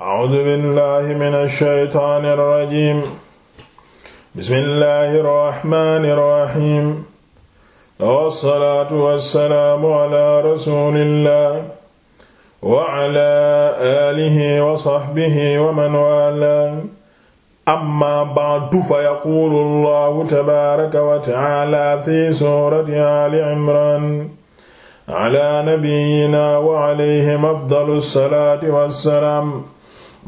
A'uuzu billaahi mina shaytaani rajiim. Bismillaahi rahmaani rahiim. Wa salaatu wa salaamu ala rasuulillaah wa ala aalihi wa sahbihi wa man waalaah. Amma ba'du fa yaquulu Allaahu tabaaraka wa ta'aalaa fi suurati Aali Imraan. ala nabiyyinaa wa alayhim afdalu salaati wa salaam.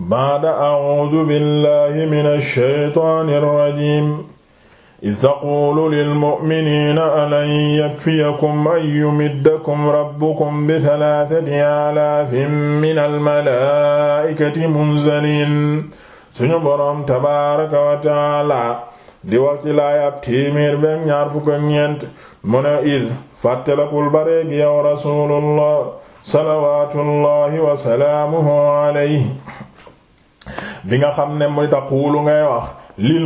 baada audu billahi min alsheytaani alrajim id taquulu lilmu'miniina alan yakfiyakum an yumiddakum rabbukum bithalathati alaafin min almalaa'ikati munzaliin suñu boroom tabaaraka wa taala di wax ci laayab téeméer benn ñaar fukk ak ñeent mu ne id fàttalakul bareegi yow rasuulullah salawaatullahi wa salaamuhu alayhi bi nga xam ne muy taqulu ngay wax lil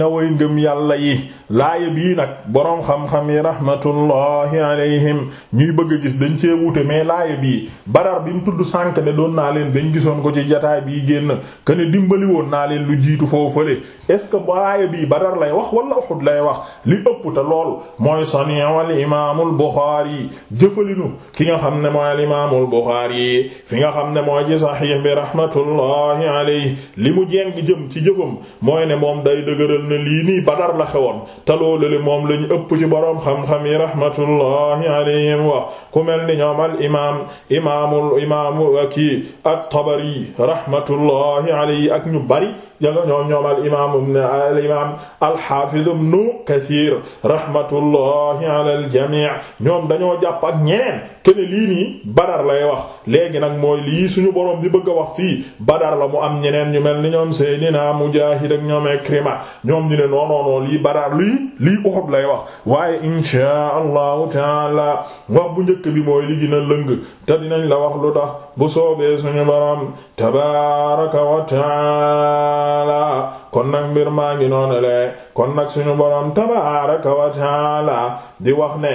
na way ngëm yàlla yi laaya bii nag boroom xam-xam yi rahmatullahi alayhim ñuy bëgg gis dañ cee wuute mais laaya bii badar bi mu tudd sànk ne doon naa leen dañ gisoon ko ci jataay bii génn que ne dimbali woon naa leen lu jiitu foofale est-ce que laaya bii badar lay wax wala Uhud lay wax li ëpp te lool mooy saniwal imaamul Buxaari jëfalinu ki nga xam ne mooy al imaamul Buxaari fi nga xam ne mooy ci saxiix bi rahmatullahi alayhi li mu jeng jëm ci jëfam mooy ne moom day dëgëral lii nii te loolu moom lañu ëpp ci boroom xam-xam yi rahmatullahi alayhim wa ku mel ni ñoom al imaam imaamul imaamu kii at-Tabari rahmatullahi alayhi ak ñu bari janga ñoom ñoom al imaam ibn al imaam al xaafiz ibn Kasiir rahmatullahi ala jamii ñoom dañoo jàpp ak ñeneen kene lii nii Badar lay wax léegi nag mooy lii suñu boroom di bëgg a wax fii Badar la mu am ñeneen ñu mel ni ñoom Seydina Mujaahid ak ñoom Ikrima ñoom ñu ne lii Badar lii lii Uhud lay wax waaye inshaa allahu taala wax bu njëkk bi mooy li dina lëng te dinañ la wax lu tax bu soobee suñu borom tabaaraka wa taala kon nag mbir maa ngi le kon nag suñu borom tabaaraka wa taala di wax ne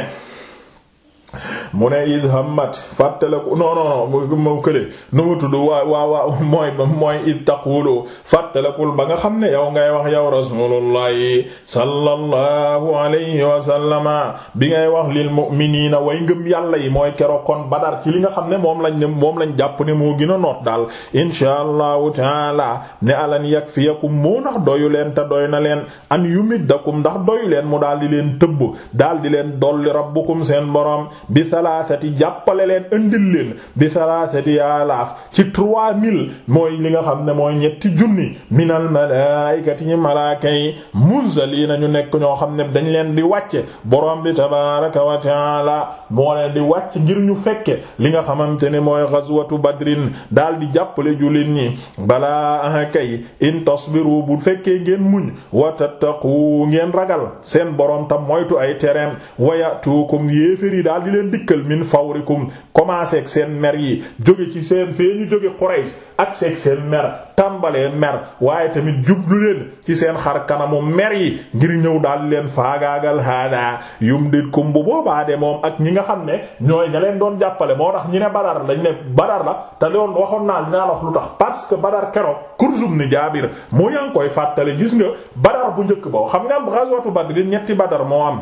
mu ne id hammat fàttaleku non non non moo kële nu mu tudd waa waa waa mooy mooy id taqulu fàttalekul ba nga xam ne yow ngay wax yow rasulullahi sallallahu alayhi wa sallama bi ngay wax lil mu'minina way ngëm yàlla yi mooy kero kon badar ci li nga xam ne moom lañ ne moom lañ jàpp ne moo gën noot daal insha allahu taala ne alan yakfiyakum moo ndax doyu leen te doy na leen an yumiddakum ndax doyu leen mu daal di leen tëbb daal di leen dolli rabbukum seen borom bi salaasati jàppale leen andil leen bi salaasati alaaf ci trois mille mooy li nga xam ne mooy ñetti junni minal malaayikati ñi malaaka yi munzaliina ñu nekk ñoo xam ne dañ leen di wàcce borom bi tabaaraka wa taala moo leen di wàcc ngir ñu fekke li nga xamante ne mooy ghazwatu badrin daal di jàppale jullit ñi balaa ah kay in tasbiru bu fekkee ngeen muñ wa tattaqu ngeen ragal seen borom tam moytu ay tereem waya tuukum yéeféer yi daal di leen dikk dikkal min fawrikum commencé ak seen mer yi jóge ci seen fee ñu jóge Quraysh ak seeg seen mer tàmbalee mer waaye tamit jublu leen ci seen xar kanamu mer yi ngir ñëw daal leen faagaagal hada yumdidkum bu boobaa de moom ak ñi nga xam ne ñooy ña leen doon jàppale moo tax ñi ne Badar lañ ne Badar la te loon waxoon naa dinaa wax lu tax parce que Badar keroog kurzum ni Jaabir mu yaa ngi koy fàttale gis nga Badar bu njëkk ba xam nga am ghazwatu Badr ñetti Badar moo am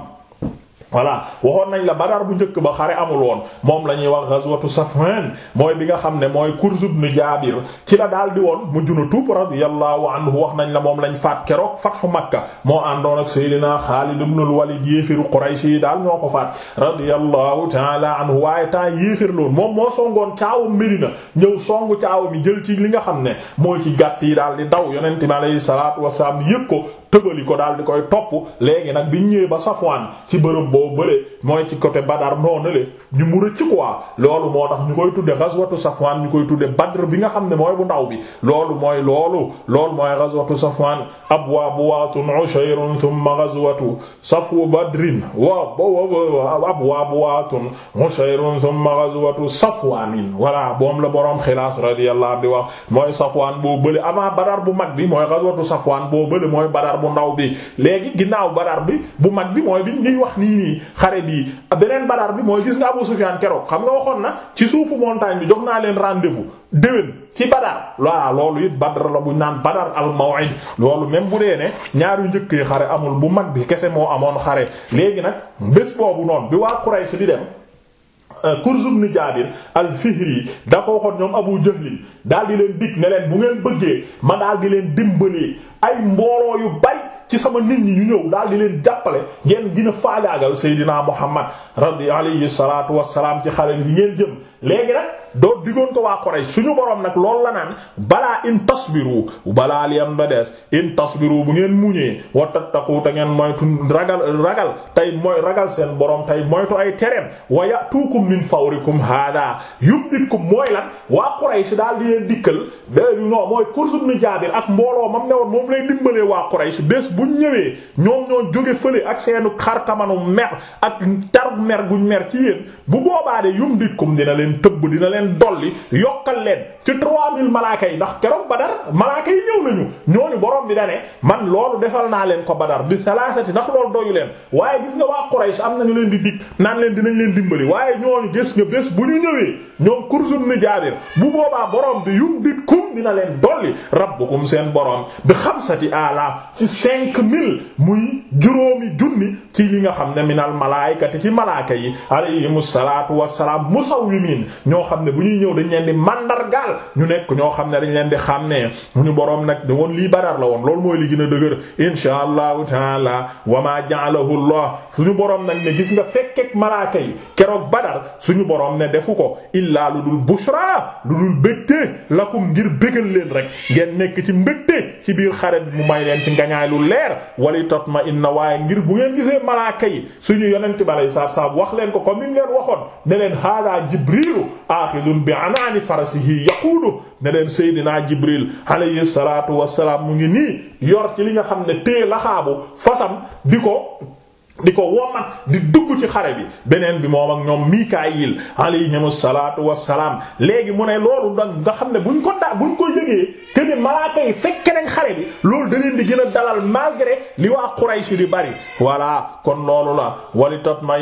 voilà waxoon nañ la Badar bu njëkk ba xare amul woon moom la ñuy wax ghazwatu Safwan mooy bi nga xam ne mooy Kurz ibn Jaabir ci la daal di woon mujj na tuub radiyallahu anhu wax nañ la moom lañ faat keroog fathu Makka moo àndoon ak Seydina Xaalid ibn al-Walid yéefiru Quraysh yi daal ñoo ko faat radiyallahu ta'ala anhu waaye temps yéefir loon moom moo songoon caawam Medina ñëw songu caawam yi jël ci li nga xam ne mooy ci gàtt yi daal di daw yonent bi alayhi salaatu wasalaam yëg ko tëbali ko daal di koy topp léegi nag bi ñëwee ba Safwan ci bërëb boo bële mooy ci côté Badar noonu le ñu mu rëcc quoi loolu moo tax ñu koy tudde ghazwatu Safwan ñu koy tudde Badr bi nga xam ne mooy bu ndaw bi loolu mooy loolu loolu mooy ghazwatu Safwan abwaabu waatun ushayrun thumma ghazwatu safu badrin wa abwaabu waatun ushayrun thumma ghazwatu Safwanin wala boom la boroom xilaas radiyallahu anhu di mooy Safwan boo bële mooy Badar bu ndaw bi léegi ginnaaw badar bi bu mag bi mooy biñ ñuy wax nii nii xare bii beneen badar bi mooy gis nga Abu Sufyan keroog xam nga waxoon na ci suufu montagne bi jox naa leen rendez-vous déwén ci badar voilà loolu it badar la buñ naan badar al maw'id loolu même bu dee ne ñaaru njëkk yi xare amul bu mag bi kese moo amoon xare léegi nag bés boobu noon bi waa Quraysh di dem Euh, Kurz ibn Jaabir al-Fihri dafa waxoon ñoom Abu Jahl daal di leen dig ne bu ngeen bëggee ma daal di leen dimbalee ay mbooloo yu bari ci sama nit ñi ñu ñëw daal di leen jàppale ngeen gën a faagaagal Seydina Muhammad radi alayhi wa salaam ci xale yi ngeen jëm léegi nag doo diggoon ko waa Quraysh suñu borom nag loolu la naan balaa in tasbiru balaa li am ba des in tasbiru bu ngeen muñee wa tattaqu te ngeen moytu ragal ragal tey mooy ragal seen boroom tey moytu ay tereem wa ya'tukum min fawrikum hada yubditkum mooy lan waa Quraysh daal di leen dikkal déedéet non mooy Kurz ibn Jaabir ak mbooloo ma ne woon moom lay dimbalee waa Quraysh bés bu ñëwee ñoom ñoo jóge fële ak seenu xarkamanu mer ak tar mer guñ mer ci bu boobaa de yumditkum dina leen tëbb dina leen dolli yokkal leen ci trois mille malaaka yi ndax keroog Badar malaaka yi ñëw nañu ñooñu borom bi da man loolu defal naa leen ko Badar bi salaasati ndax loolu doyu leen waaye gis nga waa Quraysh am ñu leen di dig naan leen dinañ leen dimbali waaye ñoo ñooñu gis nga bés bu ñu ñëwee ñoom kursum ni bu boobaa borom bi yum dit kum dina leen dolli rabbukum seen borom bi xamsati ala ci cinq mille muy juróomi junni ci li nga xam ne minal malaayikati ci malaaka yi alayhimu salaatu wassalaam musawwimin mu'minin ñoo xam ne bu ñuy ñëw dañ leen di mandargaal ñu nekk ñoo xam ne dañ leen di xàmmee ñu boroom nag da woon lii badar la woon loolu mooy li gën a dëgër insha allahu taala wa ma ja'alahu allah suñu boroom nag ne gis nga fekkek malaaka yi keroog badar suñu boroom ne defu ko illaa lu dul bushra lu dul bégte lakum ngir bégal leen rek ngeen nekk ci mbégte ci biir xare bi mu may leen ci ngañaay lu leer wali tatma inna waaye ngir bu ngeen gisee malaaka suñu yonente bi alayhi salaatu salaam wax leen ko comme Bashiru axidun bi anaani farasihi yaquudu ne leen Seydina Jibril alayhi salaatu salaam mu ngi nii yor ci li nga xam ne tee laxaabu fasam di ko di ko womat di dugg ci xare bi beneen bi moom ak ñoom Mikaayil alayhimu salaatu salaam léegi mu ne loolu da nga xam ne buñ ko daa buñ ko yëgee këni malaaka yi fekke xare bi loolu da di gën a dalal malgré li waa Quraysh di bari voilà kon loolu la wali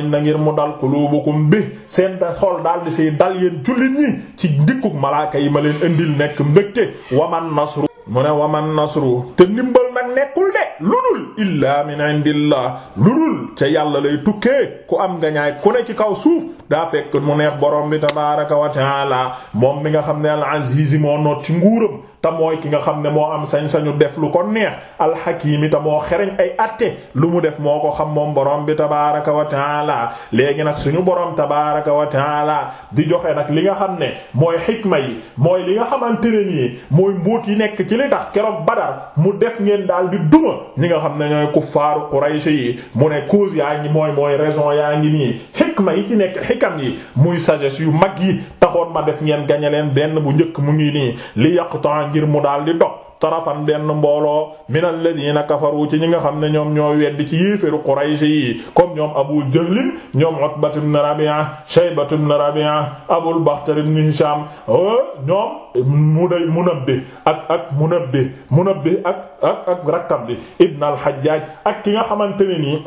na ngir mu dal qulubukum bi seen xol daal di si dal yéen jullit ñi ci ndikkuk malaaka yi ma leen indil nekk mbégte waman nasru mu ne waman nasru te ndimbal nag nekkul de lu dul illaa min indillah lu dul ca yàlla lay tukkee ku am nga ñaay ku ne ci kaw suuf daa fekk mu neex borom bi tabaaraka wa taala moom mi nga xam ne al aziz moo noot ci nguuram te mooy ki nga xam ne moo am sañ-sañu def lu ko neex alxakiim te moo xereñ ay atte lu mu def moo ko xam moom borom bi tabaaraka wa taala léegi nag suñu borom tabaaraka wa laa di joxe nag li nga xam ne mooy xikma yi mooy li nga xamante ne nii mooy mbóot yi nekk ci li tax keroog Badar mu def ngeen daal di duma ñi nga xam ne ñooy kuffaaru Quraysh yi mu ne cause yaa ngi mooy mooy raison yaa ngi nii. ma yi ci nekk xikam yi muy sagesse yu mag yi taxoon ma def ngeen gañe leen benn bu njëkk mu ngi nii li yaqta ngir mu daal di dog tarafan benn mbooloo min alladina kafaru ci ñi nga xam ne ñoom ñoo wedd ci yéeféru Quraysh yi comme ñoom Abu Jahl ñoom Utbat ibn Rabi'a Shaybat ibn Rabi'a Abul Bakhtar ibn Hisham ñoom muday Munabbih ak ak Munabbih Munabbih ak ak ak rakkam bi ibn al-Hajjaj ak ki nga xamante ne nii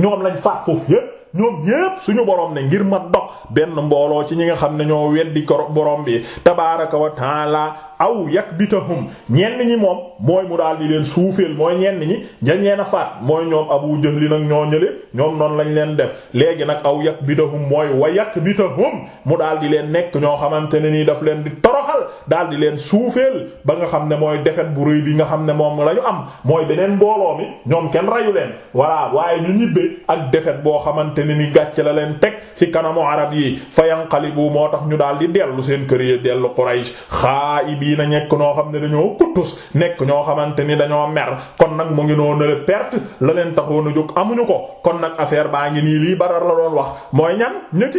ñoom lañ faat foofu yépp ñoom ñépp suñu boroom ne ngir ma dox benn mbooloo ci ñi nga xam ne ñoo weddi kor boroom bi tabaaraka wa la aw yakbitahum ñenn ñi moom mooy mu daal di leen suufeel mooy ñenn ñi dañ leen a faat mooy ñoom Abu Jahli nag ñoo ñële ñoom noonu lañ leen def léegi nag aw yakbitahum mooy wa yakbitahum mu daal di leen nekk ñoo xamante ne nii daf leen di torox daal daal di leen suufeel ba nga xam ne mooy defet bu rëy bi nga xam ne moom la ñu am mooy beneen mbooloo mi ñoom kenn rayu leen voilà waaye ñu ñibbee ak defet boo xamante ne ni gàcce la leen teg ci kanamu arab yi fa yanqalibu moo tax ñu daal di dellu seen kër yi dellu Quraysh na nekk noo xam ne dañoo kuttus nekk ñoo xamante ni dañoo mer kon nag mu ngi noonu la perte la leen taxoon a jóg amuñu ko kon nag affaire baa ngi nii lii Badar la doon wax mooy ñan ña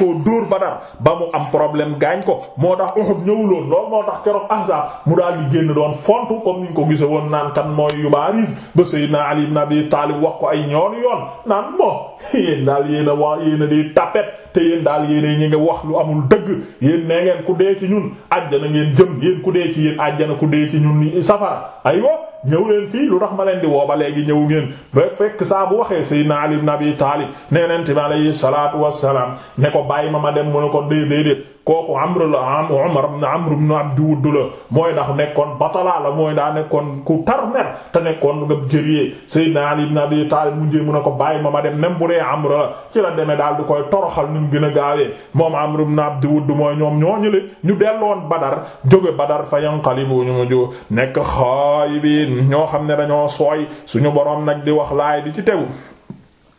koo dóor Badar ba mu am problème gaañ ko moo tax Uhud ñëwuloon loolu moo tax keroog Ahzab mu daal di génn doon fontu comme niñ ko gise woon naan kan mooy yubaaris ba Seydina Ali ibn Abi Talib wax ko ay ñoon yoon naan moo yéen daal yéen a wax yéen a di tapet te yéen daal yéen ñi ngi wax lu amul dëgg yéen nee ngeen ku dee ci ñun àjjana ngeen jëm yéen ku dee ci yéen àjjana ku dee ci ñun safara aywa ñëw leen fii lu tax leen di woo ba léegi ñëw ngeen ba fekk saa bu waxee sayyidina Ali ibn Abi Taalib nee nent bi alayhi salaatu wassalaam ne ko bàyyi ma ma dem mu ne ko déedéet kooku Amr la Umar ibn Amr ibn Wudd la mooy ndax nekkoon batalaa la mooy daa nekkoon ku tar mer te nekkoon nga jëriee Seydina Ali ibn Abi Talib mu njëe mën ko bàyyi ma ma dem même bu dee Amr ci la demee daal di koy toroxal ni mu gën a gaawee moom Amr ibn Abd Wudd mooy ñoom ñooñule ñu delloon Badar jóge Badar fa yanqalibu ñu mujj nekk xaayibiin ñoo xam ne dañoo sooy suñu boroom nag di wax laay di ci tegu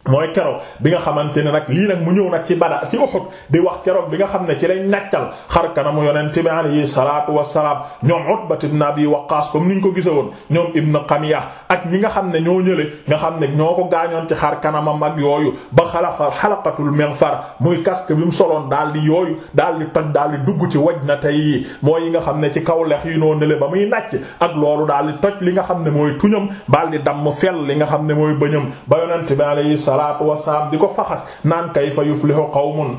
mooy keroog bi nga xamante ne nag lii nag mu ñëw nag ci bada ci Uhud di wax keroog bi nga xam ne ci lañ nàccal xar kanamu yonent bi alayhi salaatu wassalaam ñoom Utba ibn Abi Waqqaas comme ni ñu ko gise woon ñoom Ibn Qamiya ak ñi nga xam ne ñoo ñële nga xam ne ñoo ko gaañoon ci xar kanamam ak yooyu ba xalaqa xalaqatul mighfar muy casque bi mu soloon daal di yooyu daal di toj daal di dugg ci waj na tey yi mooy yi nga xam ne ci kaw lex yi noo nele ba muy nàcc ak loolu daal di toj li nga xam ne mooy tuñam daal di damm fel li nga xam ne mooy bëñam salaatu wasalaam di ko faxas naan kayfa yuflihu qawmun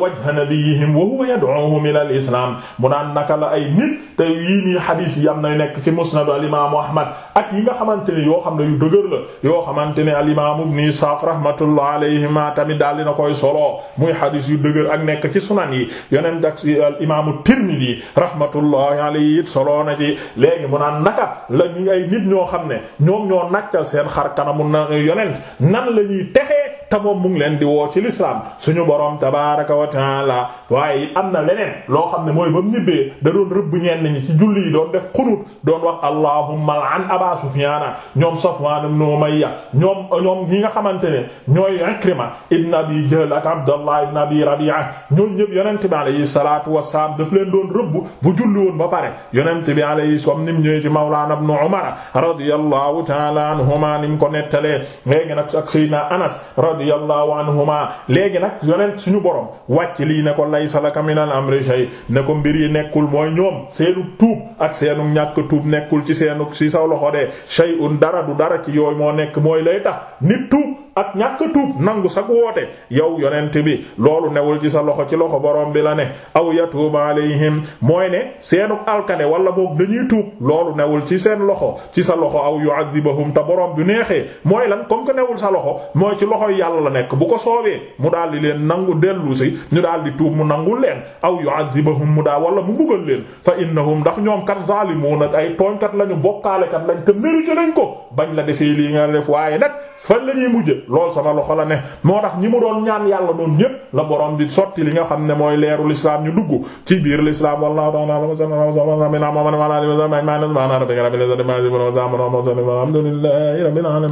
wajha nabiyihim wa huwa yad'uhum ila al-islam mu naan naka la ay nit te yii nii xadiis yi am na nekk ci musnad al-imaamu ahmad ak yi nga xamante ne yoo xam ne yu dëgër la yoo xamante ne al-imaamu ibn Isaaq rahmatullah alayhima tamit daal dina koy solo muy xadiis yu dëgër ak nekk ci sunan yi yonent ak al-imaamu Tirmidhi rahmatullahi alayhi solo na ci léegi mu naan naka la ñu ay nit ñoo xam ne ñoom ñoo nàccal seen xar kanamu na yonent nan lañuy texe te moom leen di woo ci lislaam suñu borom tabaaraka wa taala waaye am na leneen loo xam ne mooy ba mu ñibbee da doon rëbb ñenn ñi ci julli yi doon def xunut doon wax allahumma al'an aba sufyaana ñoom safwaan ibn umayya ñoom ñoom ñi nga xamante ne ñooy ikrima ibn abi jahl ak abdallah ibn abi rabi'a ñoom ñëpp yonent bi alayhi salaatu wassalaam daf leen doon rëbb bu julli woon ba pare yonent bi alayhi salaam nim ñëwee ci mawlaana ibn umar radiyallahu ta'ala anhuma nim ko nettalee léegi nag ak sayyidina radiyallahu anhuma léegi nag yonent suñu borom wàcc lii ne ko laysa laka minal amri shay ne ko mbir yi nekkul mooy ñoom seenu tuub ak seenu ñàkk tuub nekkul ci seenu si saw loxo de shay'un dara du dara ci yooyu moo nekk mooy lay tax nit tuub ak ñàkk a tuub nangu sa woote yow yonent bi loolu newul ci sa loxo ci loxo boroom bi la ne aw yi alayhim mooy ne seenu alkane wala boog dañuy tuub loolu newul ci seen loxo ci sa loxo aw yu'adhibahum te borom du neexee mooy lan comme que newul sa loxo mooy ci loxoy yàlla la nekk bu ko soobee mu daal di leen nangu dellu si ñu daal di tuub mu nangul leen aw yu'adhibahum mu daa wala mu buggal leen fa innahum ndax ñoom kat zaalimuun ak ay tooñkat lañu bokkaalekat lañ te mérité lañ ko bañ la defee lii lool sama loxo la ne moo tax ñi mu doon ñaan yàlla doon ñépp la borom di sotti li nga xam ne mooy leeru l'islam ñu dugg ci biir l'islam wallahu ta'ala